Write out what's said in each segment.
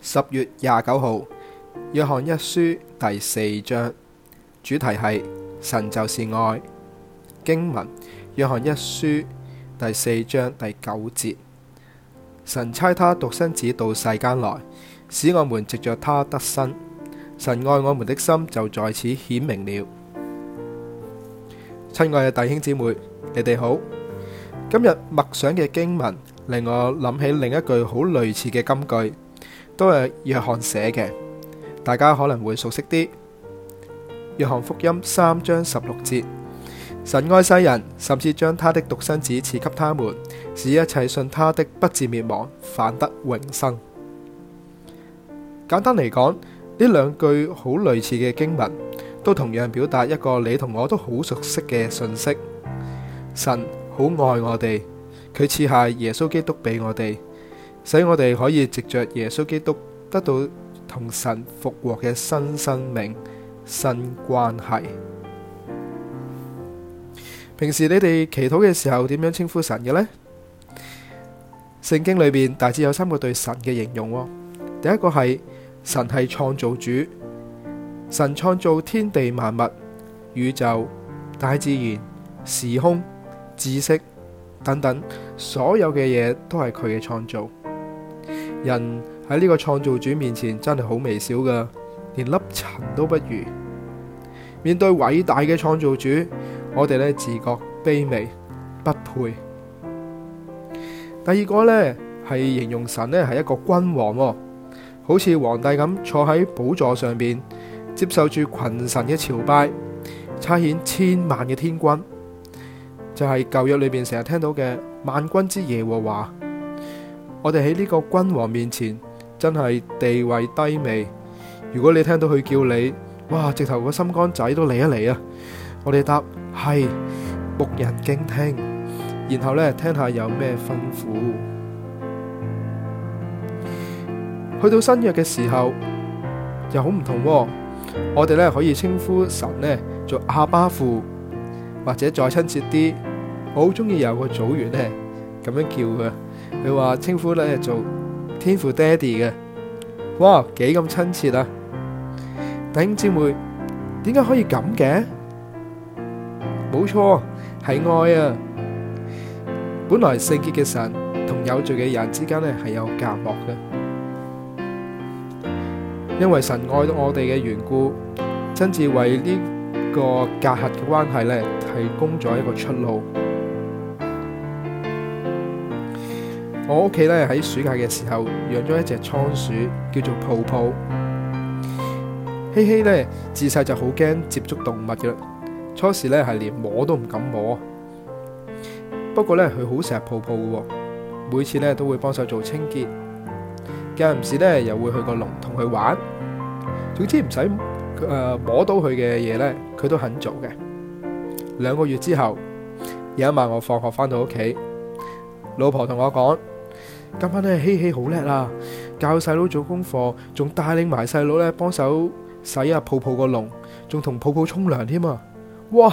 十月廿九號，約翰一書第四章主題係神就是愛。經文，約翰一書第四章第九節，神差他獨生子到世間來，使我們藉着他得生。神愛我們的心就在此顯明了。親愛嘅弟兄姊妹，你哋好。今日默想嘅經文令我諗起另一句好類似嘅金句。都係約翰寫嘅，大家可能會熟悉啲。約翰福音三章十六節：神愛世人，甚至將他的獨生子賜給他們，使一切信他的不至滅亡，反得永生。簡單嚟講，呢兩句好類似嘅經文，都同樣表達一個你同我都好熟悉嘅信息：神好愛我哋，佢賜下耶穌基督俾我哋。使我哋可以藉着耶穌基督得到同神復活嘅新生命、新關係。平時你哋祈禱嘅時候，點樣稱呼神嘅呢？聖經裏邊大致有三個對神嘅形容，哦。第一個係神係創造主，神創造天地萬物、宇宙、大自然、時空、知識等等，所有嘅嘢都係佢嘅創造。人喺呢個創造主面前真係好微小噶，連粒塵都不如。面對偉大嘅創造主，我哋呢，自覺卑微不配。第二個呢，係形容神呢係一個君王，哦，好似皇帝咁坐喺寶座上邊，接受住群臣嘅朝拜，差遣千萬嘅天軍。就係、是、舊約裏邊成日聽到嘅萬軍之耶和華。我哋喺呢個君王面前，真係地位低微。如果你聽到佢叫你，哇！直頭個心肝仔都嚟一嚟啊！我哋答係僕人敬聽，然後呢，聽下有咩吩咐。去到新約嘅時候又好唔同，哦，我哋呢，可以稱呼神呢做阿爸父，或者再親切啲，我好中意有個組員呢，咁樣叫嘅。佢話稱呼咧做天父爹哋嘅，哇，幾咁親切啊！弟兄姊妹，點解可以咁嘅？冇錯，係愛啊！本來聖潔嘅神同有罪嘅人之間咧係有隔膜嘅，因為神愛到我哋嘅緣故，親自為呢個隔閡嘅關係咧提供咗一個出路。我屋企咧喺暑假嘅時候養咗一隻倉鼠，叫做泡泡。希希咧自細就好驚接觸動物嘅，初時咧係連摸都唔敢摸。不過呢，佢好錫泡泡嘅，哦，每次咧都會幫手做清潔，有陣時咧又會去個籠同佢玩。總之唔使摸到佢嘅嘢咧，佢都肯做嘅。兩個月之後，有一晚我放學返到屋企，老婆同我講。今晚咧，希希好叻啦！教細佬做功課，仲帶領埋細佬咧，幫手洗下泡泡個籠，仲同泡泡沖涼添啊！哇，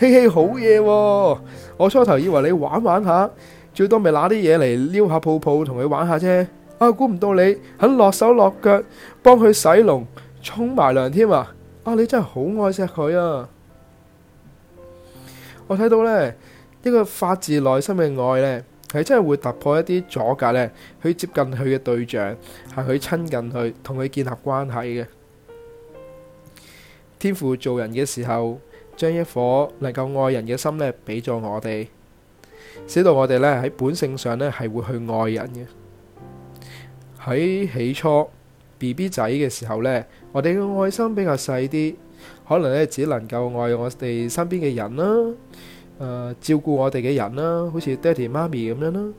希希好嘢喎！我初頭以為你玩玩下，最多咪拿啲嘢嚟撩下泡泡，同佢玩下啫。啊，估唔到你肯落手落腳幫佢洗籠、沖埋涼添啊！啊，你真係好愛錫佢啊！我睇到呢，一個發自內心嘅愛呢，係真係會突破一啲阻隔呢，去接近佢嘅對象，係去親近佢，同佢建立關係嘅。天父造人嘅時候，將一顆能夠愛人嘅心咧，俾咗我哋，使到我哋呢喺本性上咧係會去愛人嘅。喺起初 BB 仔嘅時候呢，我哋嘅愛心比較細啲，可能呢只能夠愛我哋身邊嘅人啦。誒、呃，照顧我哋嘅人啦，好似爹哋媽咪咁樣啦。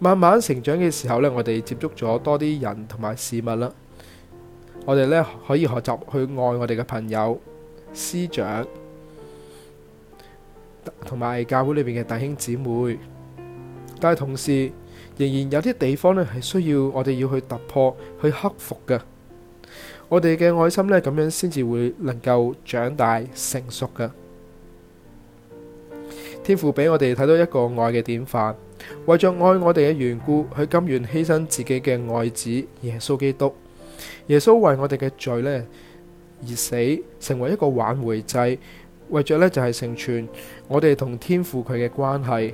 慢慢成長嘅時候呢，我哋接觸咗多啲人同埋事物啦。我哋呢，可以學習去愛我哋嘅朋友、師長，同埋教會裏面嘅弟兄姊妹。但係同時，仍然有啲地方呢，係需要我哋要去突破、去克服嘅。我哋嘅愛心呢，咁樣先至會能夠長大成熟嘅。天父俾我哋睇到一個愛嘅典範，為着愛我哋嘅緣故，佢甘願犧牲自己嘅愛子耶穌基督。耶穌為我哋嘅罪咧而死，成為一個挽回祭，為着咧就係成全我哋同天父佢嘅關係。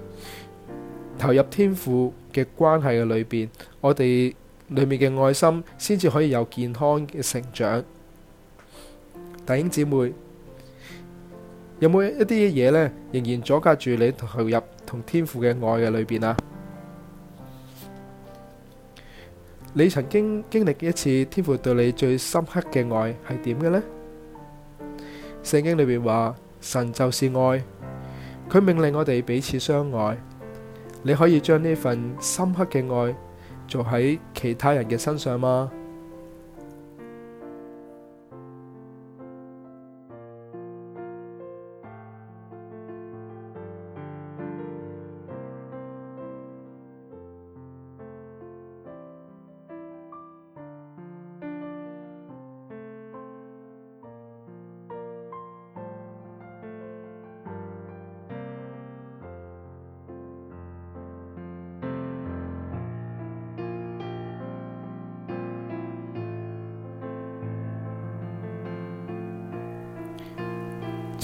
投入天父嘅關係嘅裏邊，我哋裏面嘅愛心先至可以有健康嘅成長。弟兄姊妹。有冇一啲嘢呢？仍然阻隔住你投入同天父嘅愛嘅裏邊啊？你曾經經歷一次天父對你最深刻嘅愛係點嘅呢？聖經裏邊話，神就是愛，佢命令我哋彼此相愛。你可以將呢份深刻嘅愛做喺其他人嘅身上嗎？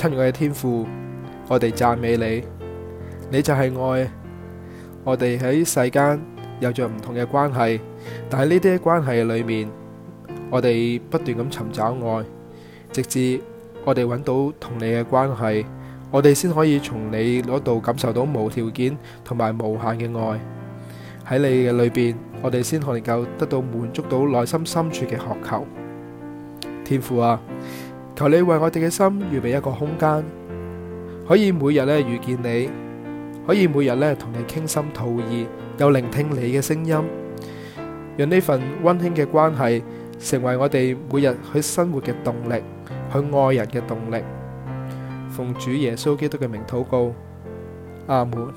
親愛嘅天父，我哋讚美你，你就係愛。我哋喺世間有着唔同嘅關係，但係呢啲關係裏面，我哋不斷咁尋找愛，直至我哋揾到同你嘅關係，我哋先可以從你嗰度感受到無條件同埋無限嘅愛。喺你嘅裏邊，我哋先能夠得到滿足到內心深處嘅渴求。天父啊！求你為我哋嘅心預備一個空間，可以每日咧遇見你，可以每日咧同你傾心吐意，又聆聽你嘅聲音，讓呢份溫馨嘅關係成為我哋每日去生活嘅動力，去愛人嘅動力。奉主耶穌基督嘅名禱告，阿門。